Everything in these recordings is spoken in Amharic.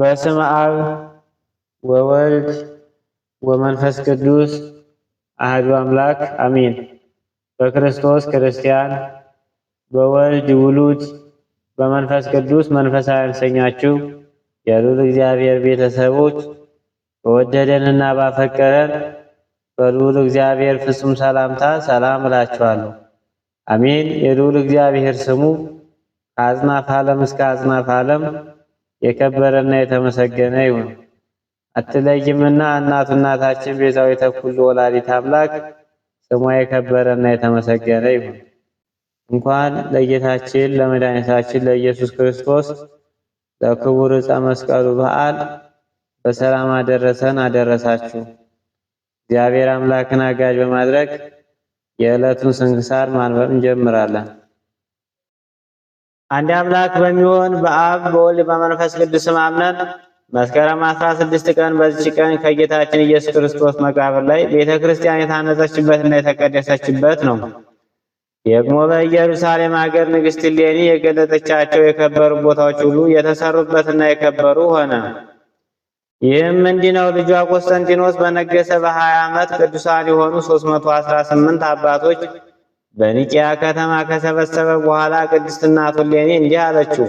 በስም አብ ወወልድ ወመንፈስ ቅዱስ አህዱ አምላክ አሜን። በክርስቶስ ክርስቲያን፣ በወልድ ውሉድ፣ በመንፈስ ቅዱስ መንፈሳዊ ሰኛችሁ የሉል እግዚአብሔር ቤተሰቦች በወደደንና ባፈቀረን በልዑል እግዚአብሔር ፍጹም ሰላምታ ሰላም እላችኋለሁ። አሜን። የልዑል እግዚአብሔር ስሙ ከአጽናፍ ዓለም እስከ አጽናፍ ዓለም የከበረና የተመሰገነ ይሁን። አትለይምና እናቱ እናታችን ቤዛዊተ ኩሉ ወላዲተ አምላክ ስሟ የከበረና የተመሰገነ ይሁን። እንኳን ለጌታችን ለመድኃኒታችን ለኢየሱስ ክርስቶስ ለክቡር ዕፀ መስቀሉ በዓል በሰላም አደረሰን አደረሳችሁ። እግዚአብሔር አምላክን አጋዥ በማድረግ የዕለቱን ስንክሳር ማንበብ እንጀምራለን። አንድ አምላክ በሚሆን በአብ በወልድ በመንፈስ ቅዱስ አምነን መስከረም 16 ቀን በዚች ቀን ከጌታችን ኢየሱስ ክርስቶስ መቃብር ላይ ቤተ ክርስቲያን የታነጸችበትና የተቀደሰችበት ነው። ደግሞ በኢየሩሳሌም ሀገር ንግሥት ሌኒ የገለጠቻቸው የከበሩ ቦታዎች ሁሉ የተሰሩበትና የከበሩ ሆነ። ይህም እንዲህ ነው። ልጇ ቆስጠንጢኖስ በነገሰ በ20 ዓመት ቅዱሳን የሆኑ 318 አባቶች በኒቅያ ከተማ ከሰበሰበ በኋላ ቅድስት እናቱ እሌኒ እንዲህ አለችው፣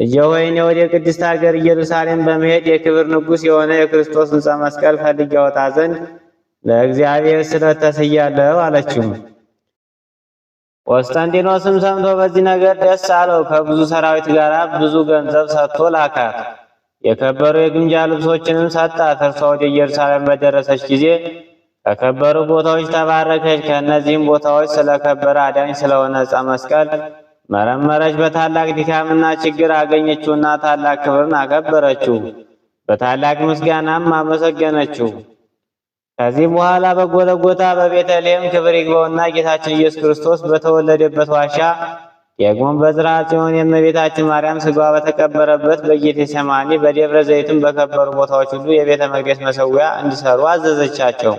ልጄ ሆይ እኔ ወደ ቅድስት ሀገር ኢየሩሳሌም በመሄድ የክብር ንጉሥ የሆነ የክርስቶስ ሕንጸ መስቀል ፈልጌ ያወጣ ዘንድ ለእግዚአብሔር ስለት ተስያለሁ አለችው። ቆስጠንጢኖስም ሰምቶ በዚህ ነገር ደስ አለው። ከብዙ ሰራዊት ጋር ብዙ ገንዘብ ሰጥቶ ላካት። የከበሩ የግምጃ ልብሶችንም ሰጣት። እርሷ ወደ ኢየሩሳሌም በደረሰች ጊዜ ከከበሩ ቦታዎች ተባረከች። ከእነዚህም ቦታዎች ስለከበረ አዳኝ ስለሆነ ዕፀ መስቀል መረመረች። በታላቅ ድካምና ችግር አገኘችውና ታላቅ ክብርን አከበረችው። በታላቅ ምስጋናም አመሰገነችው። ከዚህ በኋላ በጎለጎታ በቤተልሔም ክብር ይግባውና ጌታችን ኢየሱስ ክርስቶስ በተወለደበት ዋሻ ደግሞም በዝራ ጽዮን የእመቤታችን ማርያም ስጋዋ በተቀበረበት ሰማኒ በደብረ ዘይትም በከበሩ ቦታዎች ሁሉ የቤተ መቅደስ መሰዊያ እንዲሰሩ አዘዘቻቸው።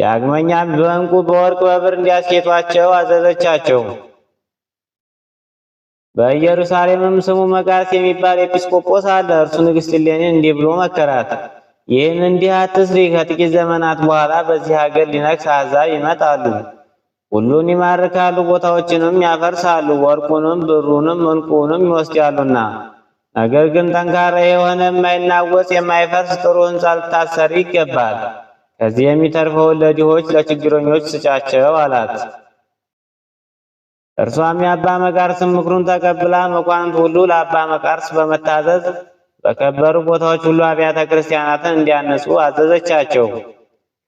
ዳግመኛም በዕንቁ በወርቅ በብር እንዲያስጌጧቸው አዘዘቻቸው። በኢየሩሳሌምም ስሙ መጋት የሚባል ኤጲስቆጶስ አለ። እርሱ ንግሥት እሌኒን እንዲህ ብሎ መከራት፣ ይህን እንዲህ አትስሪ። ከጥቂት ዘመናት በኋላ በዚህ ሀገር ሊነግስ አሕዛብ ይመጣሉ። ሁሉን ይማርካሉ፣ ቦታዎችንም ያፈርሳሉ፣ ወርቁንም ብሩንም እንቁንም ይወስዳሉና። ነገር ግን ጠንካራ የሆነ የማይናወጽ የማይፈርስ ጥሩ ሕንፃ ልታሰሪ ይገባል። ከዚህ የሚተርፈውን ለድሆች ለችግረኞች ስጫቸው አላት። እርሷም የአባ መቃርስ ምክሩን ተቀብላ መኳንንት ሁሉ ለአባ መቃርስ በመታዘዝ በከበሩ ቦታዎች ሁሉ አብያተ ክርስቲያናትን እንዲያነጹ አዘዘቻቸው።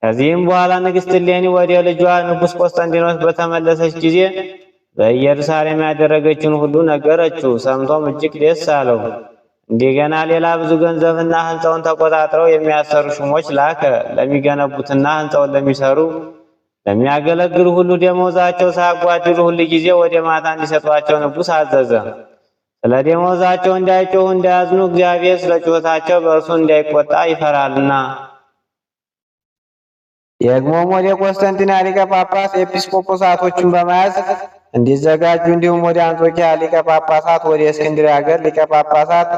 ከዚህም በኋላ ንግሥት እሌኒ ወደ ልጇ ንጉሥ ቆስጠንጢኖስ በተመለሰች ጊዜ በኢየሩሳሌም ያደረገችውን ሁሉ ነገረችው። ሰምቶም እጅግ ደስ አለው። እንደገና ሌላ ብዙ ገንዘብና ህንፃውን ተቆጣጥረው የሚያሰሩ ሹሞች ላከ። ለሚገነቡትና ህንፃውን ለሚሰሩ ለሚያገለግሉ ሁሉ ደመወዛቸው ሳያጓድሉ ሁል ጊዜ ወደ ማታ እንዲሰጧቸው ንጉሥ አዘዘ። ስለ ደመወዛቸው እንዳይጮሁ እንዳያዝኑ፣ እግዚአብሔር ስለ ጩኸታቸው በእርሱ እንዳይቆጣ ይፈራልና። ደግሞም ወደ ቆስተንቲና ሊቀ ጳጳስ ኤጲስቆጶሳቶችን በመያዝ እንዲዘጋጁ እንዲሁም ወደ አንጾኪያ ሊቀ ጳጳሳት፣ ወደ እስክንድርያ ሀገር ሊቀ ጳጳሳት፣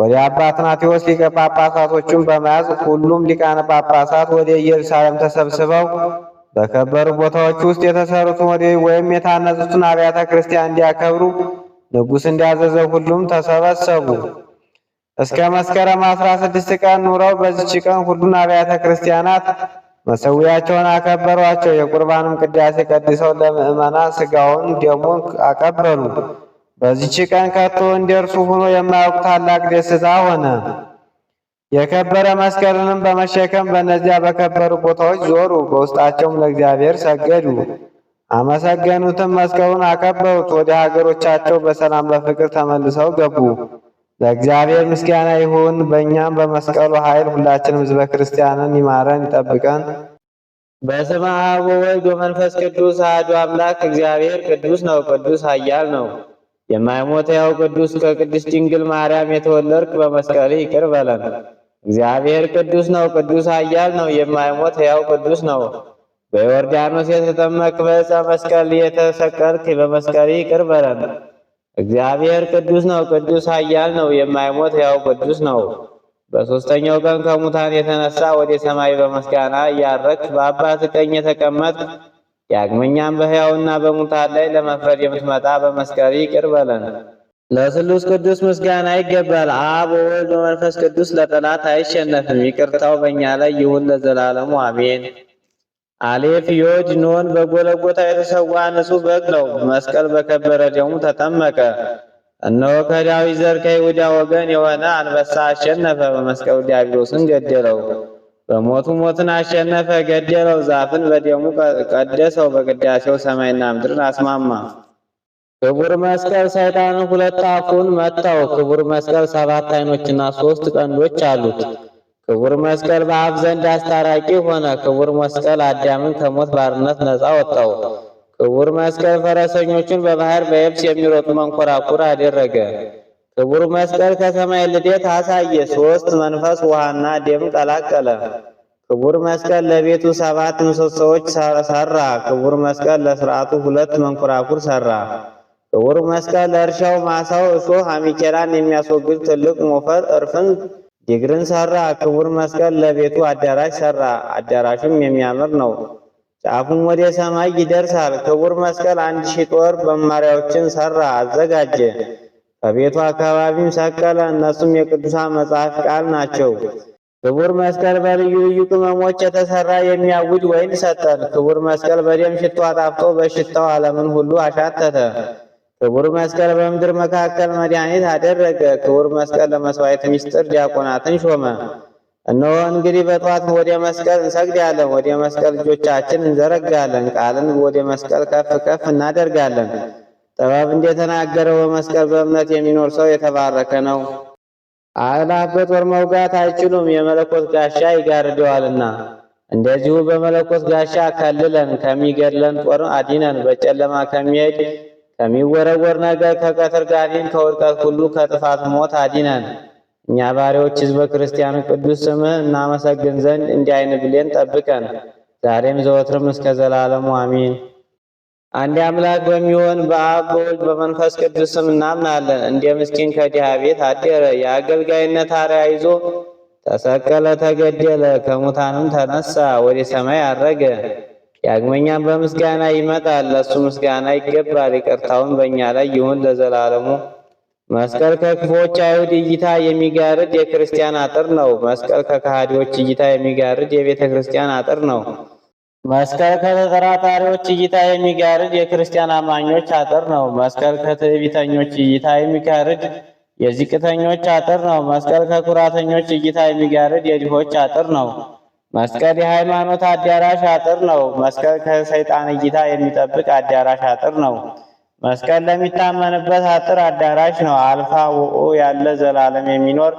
ወደ አባ ትናቴዎስ ሊቀ ጳጳሳቶችን በመያዝ ሁሉም ሊቃነ ጳጳሳት ወደ ኢየሩሳሌም ተሰብስበው በከበሩ ቦታዎች ውስጥ የተሰሩትን ወደ ወይም የታነጹትን አብያተ ክርስቲያን እንዲያከብሩ ንጉሥ እንዲያዘዘው ሁሉም ተሰበሰቡ። እስከ መስከረም አስራ ስድስት ቀን ኑረው በዚች ቀን ሁሉን አብያተ ክርስቲያናት መሰዊያቸውን አከበሯቸው። የቁርባንም ቅዳሴ ቀድሰው ለምእመና ስጋውን ደሙን አቀበሉ። በዚች ቀን ከቶ እንደርሱ ሆኖ የማያውቅ ታላቅ ደስታ ሆነ። የከበረ መስቀልንም በመሸከም በእነዚያ በከበሩ ቦታዎች ዞሩ። በውስጣቸውም ለእግዚአብሔር ሰገዱ፣ አመሰገኑትም፣ መስቀሉን አከበሩት። ወደ ሀገሮቻቸው በሰላም በፍቅር ተመልሰው ገቡ። ለእግዚአብሔር ምስጋና ይሁን። በእኛም በመስቀሉ ኃይል ሁላችንም ሕዝበ ክርስቲያንን ይማረን ይጠብቀን። በስመ አብ ወወልድ ወመንፈስ ቅዱስ አሐዱ አምላክ። እግዚአብሔር ቅዱስ ነው፣ ቅዱስ ኃያል ነው። የማይሞት ያው ቅዱስ ከቅድስት ድንግል ማርያም የተወለድክ በመስቀል ይቅር በለን። እግዚአብሔር ቅዱስ ነው፣ ቅዱስ ኃያል ነው። የማይሞት ያው ቅዱስ ነው። በዮርዳኖስ የተጠመቅ በዕፀ መስቀል የተሰቀልክ በመስቀል ይቅር በለን። እግዚአብሔር ቅዱስ ነው፣ ቅዱስ ኃያል ነው፣ የማይሞት ሕያው ቅዱስ ነው። በሦስተኛው ቀን ከሙታን የተነሳ ወደ ሰማይ በመስጋና እያረክ፣ በአባት ቀኝ የተቀመጥ ዳግመኛም በሕያውና በሙታን ላይ ለመፍረድ የምትመጣ በመስቀል ይቅር በለን። ለስሉስ ቅዱስ ምስጋና ይገባል። አብ ወወልድ ወመንፈስ ቅዱስ ለጠላት አይሸነፍም። ይቅርታው በእኛ ላይ ይሁን ለዘላለሙ አሜን። አሌፍ ዮድ ኖን በጎለጎታ የተሰዋ ንጹሕ በግ ነው። መስቀል በከበረ ደሙ ተጠመቀ። እነሆ ከዳዊት ዘር ከይሁዳ ወገን የሆነ አንበሳ አሸነፈ፣ በመስቀሉ ዲያብሎስን ገደለው። በሞቱ ሞትን አሸነፈ፣ ገደለው። ዛፍን በደሙ ቀደሰው፣ በቅዳሴው ሰማይና ምድርን አስማማ። ክቡር መስቀል ሰይጣንን ሁለት አፉን መታው። ክቡር መስቀል ሰባት ዓይኖችና ሶስት ቀንዶች አሉት። ክቡር መስቀል በአብ ዘንድ አስታራቂ ሆነ። ክቡር መስቀል አዳምን ከሞት ባርነት ነፃ ወጣው። ክቡር መስቀል ፈረሰኞቹን በባህር በየብስ የሚሮጡ መንኮራኩር አደረገ። ክቡር መስቀል ከሰማይ ልደት አሳየ። ሶስት መንፈስ ውሃና ደም ቀላቀለ። ክቡር መስቀል ለቤቱ ሰባት ምሰሶዎች ሰራ። ክቡር መስቀል ለስርዓቱ ሁለት መንኮራኩር ሰራ። ክቡር መስቀል ለእርሻው ማሳው እሾህ አሚኬላን የሚያስወግድ ትልቅ ሞፈር እርፍን ዲግርን ሰራ። ክቡር መስቀል ለቤቱ አዳራሽ ሰራ። አዳራሹም የሚያምር ነው፣ ጫፉም ወደ ሰማይ ይደርሳል። ክቡር መስቀል አንድ ሺህ ጦር መማሪያዎችን ሰራ አዘጋጀ። ከቤቱ አካባቢም ሰቀለ። እነሱም የቅዱሳን መጽሐፍ ቃል ናቸው። ክቡር መስቀል በልዩ ልዩ ቅመሞች የተሰራ የሚያውድ ወይን ሰጠን። ክቡር መስቀል በደም ሽቶ አጣፍጦ በሽታው ዓለምን ሁሉ አሻተተ። ክቡር መስቀል በምድር መካከል መድኃኒት አደረገ። ክቡር መስቀል ለመስዋዕት ምስጢር ዲያቆናትን ሾመ። እነሆ እንግዲህ በጠዋት ወደ መስቀል እንሰግዳለን፣ ወደ መስቀል እጆቻችን እንዘረጋለን፣ ቃልን ወደ መስቀል ከፍ ከፍ እናደርጋለን። ጥበብ እንደተናገረው በመስቀል በእምነት የሚኖር ሰው የተባረከ ነው። አእላፍ በጦር መውጋት አይችሉም፣ የመለኮት ጋሻ ይጋርደዋልና። እንደዚሁ በመለኮት ጋሻ ከልለን፣ ከሚገድለን ጦር አዲነን፣ በጨለማ ከሚሄድ ከሚወረወር ነገር ከቀትር ጋኔን ከውድቀት ሁሉ ከጥፋት ሞት አዲነን። እኛ ባሪያዎች ሕዝበ ክርስቲያኑ ቅዱስ ስምህ እናመሰግን ዘንድ እንዲህ አይን ብሌን ጠብቀን ዛሬም ዘወትርም እስከ ዘላለሙ አሚን። አንድ አምላክ በሚሆን በአብ በወልድ በመንፈስ ቅዱስ ስም እናምናለን። እንደ ምስኪን ከድሃ ቤት አደረ፣ የአገልጋይነት አርአያ ይዞ ተሰቀለ፣ ተገደለ፣ ከሙታንም ተነሳ፣ ወደ ሰማይ አረገ። ዳግመኛም በምስጋና ይመጣል። ለእሱ ምስጋና ይገባል። ይቅርታውን በእኛ ላይ ይሁን ለዘላለሙ። መስቀል ከክፎች አይሁድ እይታ የሚጋርድ የክርስቲያን አጥር ነው። መስቀል ከካሃዲዎች እይታ የሚጋርድ የቤተ ክርስቲያን አጥር ነው። መስቀል ከተጠራጣሪዎች እይታ የሚጋርድ የክርስቲያን አማኞች አጥር ነው። መስቀል ከትዕቢተኞች እይታ የሚጋርድ የዝቅተኞች አጥር ነው። መስቀል ከኩራተኞች እይታ የሚጋርድ የድሆች አጥር ነው። መስቀል የሃይማኖት አዳራሽ አጥር ነው። መስቀል ከሰይጣን እይታ የሚጠብቅ አዳራሽ አጥር ነው። መስቀል ለሚታመንበት አጥር አዳራሽ ነው። አልፋ ወኦ ያለ ዘላለም የሚኖር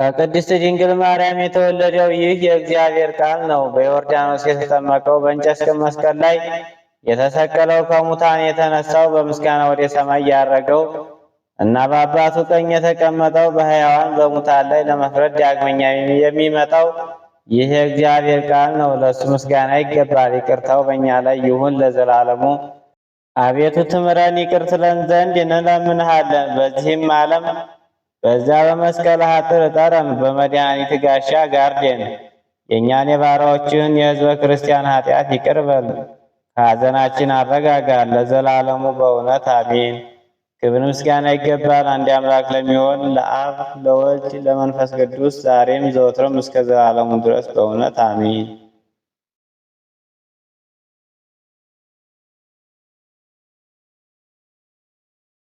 ከቅድስት ድንግል ማርያም የተወለደው ይህ የእግዚአብሔር ቃል ነው። በዮርዳኖስ የተጠመቀው በእንጨት መስቀል ላይ የተሰቀለው ከሙታን የተነሳው በምስጋና ወደ ሰማይ ያረገው እና በአባቱ ቀኝ የተቀመጠው በሕያዋን በሙታን ላይ ለመፍረድ ዳግመኛ የሚመጣው ይህ የእግዚአብሔር ቃል ነው፣ ለእሱ ምስጋና ይገባል። ይቅርታው በእኛ ላይ ይሁን ለዘላለሙ። አቤቱ ትምረን፣ ይቅር ትለን ዘንድ እንለምንሃለን። በዚህም ዓለም በዛ በመስቀል አጥር ጠረን በመድኃኒት ጋሻ ጋርዴን የእኛን የባሪያዎችህን የሕዝበ ክርስቲያን ኃጢአት ይቅር በል፣ ከሐዘናችን አረጋጋል ለዘላለሙ በእውነት አሜን። ክብር ምስጋና ይገባል አንድ አምላክ ለሚሆን ለአብ ለወልድ ለመንፈስ ቅዱስ ዛሬም ዘወትሮም እስከ ዘላለሙ ድረስ በእውነት አሚን።